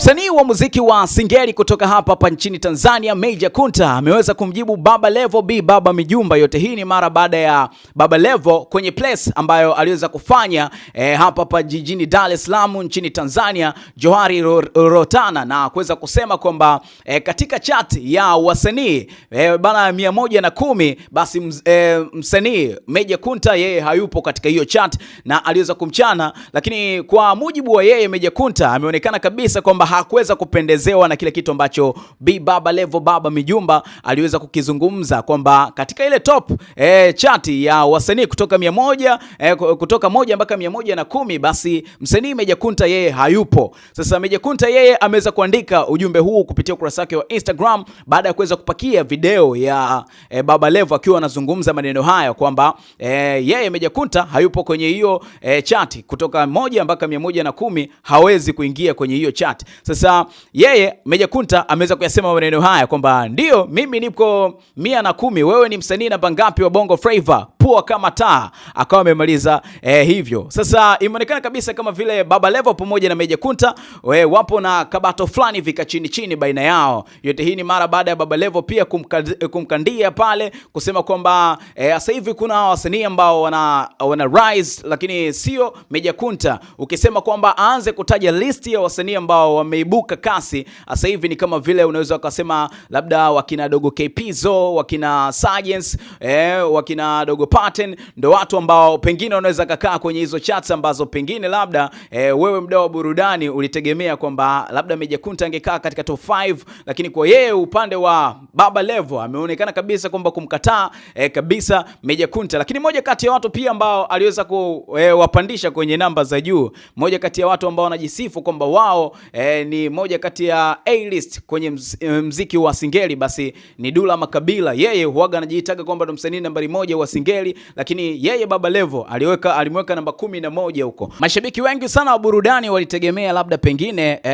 Msanii wa muziki wa Singeli kutoka hapa hapa nchini Tanzania, Meja Kunta ameweza kumjibu Baba Levo B Baba Mijumba. Yote hii ni mara baada ya Baba Levo kwenye place ambayo aliweza kufanya e, hapa hapa jijini Dar es Salaam nchini Tanzania, Johari Rotana na kuweza kusema kwamba e, katika chat ya wasanii e, bana mia moja na kumi basi e, msanii Meja Kunta yeye hayupo katika hiyo chat na aliweza kumchana, lakini kwa mujibu wa yeye Meja Kunta ameonekana kabisa kwamba hakuweza kupendezewa na kile kitu ambacho Bi Baba Levo Baba Mijumba aliweza kukizungumza kwamba katika ile top e, eh, chati ya wasanii kutoka mia moja, e, kutoka moja mpaka mia moja na kumi basi msanii Meja Kunta yeye hayupo. Sasa Meja Kunta yeye ameweza kuandika ujumbe huu kupitia ukurasa wake wa Instagram baada ya kuweza kupakia video ya e, Baba Levo akiwa anazungumza maneno haya kwamba e, yeye Meja Kunta hayupo kwenye hiyo e, chati kutoka moja mpaka mia moja na kumi hawezi kuingia kwenye hiyo chati. Sasa yeye Meja Kunta ameweza kuyasema maneno haya kwamba ndio mimi nipo mia na kumi, wewe ni msanii namba ngapi wa Bongo Flava? kupoa kama taa, akawa amemaliza eh, hivyo. Sasa imeonekana kabisa kama vile Baba Levo pamoja na Meja Kunta we, eh, wapo na kabato fulani vika chini chini baina yao. Yote hii ni mara baada ya Baba Levo pia kumkandia, eh, kumkandia pale kusema kwamba eh, sasa hivi kuna wasanii ambao wana, wana rise lakini sio Meja Kunta. Ukisema kwamba aanze kutaja list ya wasanii ambao wameibuka kasi sasa hivi ni kama vile unaweza ukasema labda wakina Dogo K Pizzo, wakina Sergeants, eh, wakina Dogo Pa pattern ndo watu ambao pengine wanaweza kakaa kwenye hizo chats ambazo pengine labda e, wewe mdau wa burudani ulitegemea kwamba labda Meja Kunta angekaa katika top 5, lakini kwa yeye upande wa Baba Levo ameonekana kabisa kwamba kumkataa e, kabisa Meja Kunta. Lakini moja kati ya watu pia ambao aliweza kuwapandisha eh, e, kwenye namba za juu, moja kati ya watu ambao wanajisifu kwamba wao e, ni moja kati ya A list kwenye mz, mziki wa Singeli, basi ni Dula Makabila. Yeye huaga anajiitaga kwamba ndo msanii nambari moja wa Singeli kweli, lakini yeye Baba Levo aliweka alimweka namba kumi na moja huko. Mashabiki wengi sana wa burudani walitegemea labda pengine e,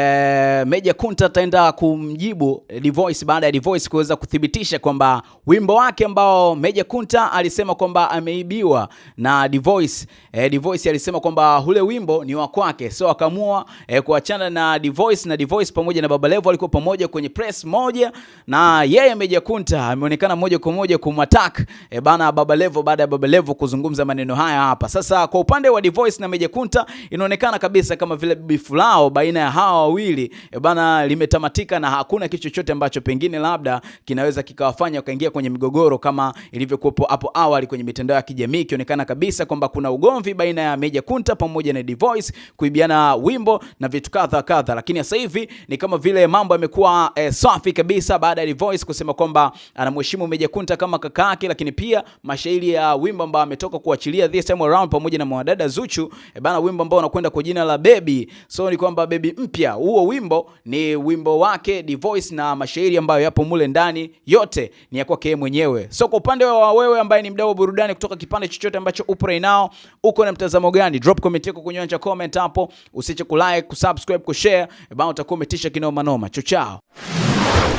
Meja Kunta ataenda kumjibu Voice baada ya Voice kuweza kuthibitisha kwamba wimbo wake ambao Meja Kunta alisema kwamba ameibiwa na Voice. e, Voice alisema kwamba ule wimbo ni wa kwake, so akaamua e, kuachana na Voice, na Voice pamoja na Baba Levo walikuwa pamoja kwenye press moja, na yeye Meja Kunta ameonekana moja kwa moja kumattack e, bana Baba Levo baada ya Baba Levo kuzungumza maneno haya hapa. Sasa kwa upande wa Divoice na Meja Kunta inaonekana kabisa kama vile bifu lao baina ya hawa wawili e bana limetamatika na hakuna kitu chochote ambacho pengine labda kinaweza kikawafanya wakaingia kwenye migogoro kama ilivyokuwepo hapo awali kwenye mitandao ya kijamii, ikionekana kabisa kwamba kuna ugomvi baina ya Meja Kunta pamoja na Divoice kuibiana wimbo na vitu kadha kadha, lakini sasa hivi ni kama vile mambo yamekuwa e, safi kabisa baada ya Divoice kusema kwamba anamheshimu Meja Kunta kama kaka yake, lakini pia mashairi ya wimbo ambao ametoka kuachilia this time around pamoja na mwanadada Zuchu e bana, wimbo ambao unakwenda kwa jina la Baby. So ni kwamba Baby mpya, huo wimbo ni wimbo wake Voice na mashairi ambayo yapo mule ndani yote ni ya kwake mwenyewe. So kwa upande wa wewe ambaye ni mdau wa burudani kutoka kipande chochote ambacho upo right now, uko na mtazamo gani? Drop comment yako kwenye anja comment hapo, usiche kulike, kusubscribe, kushare e bana, utakuwa umetisha kinoma noma. Chao chao.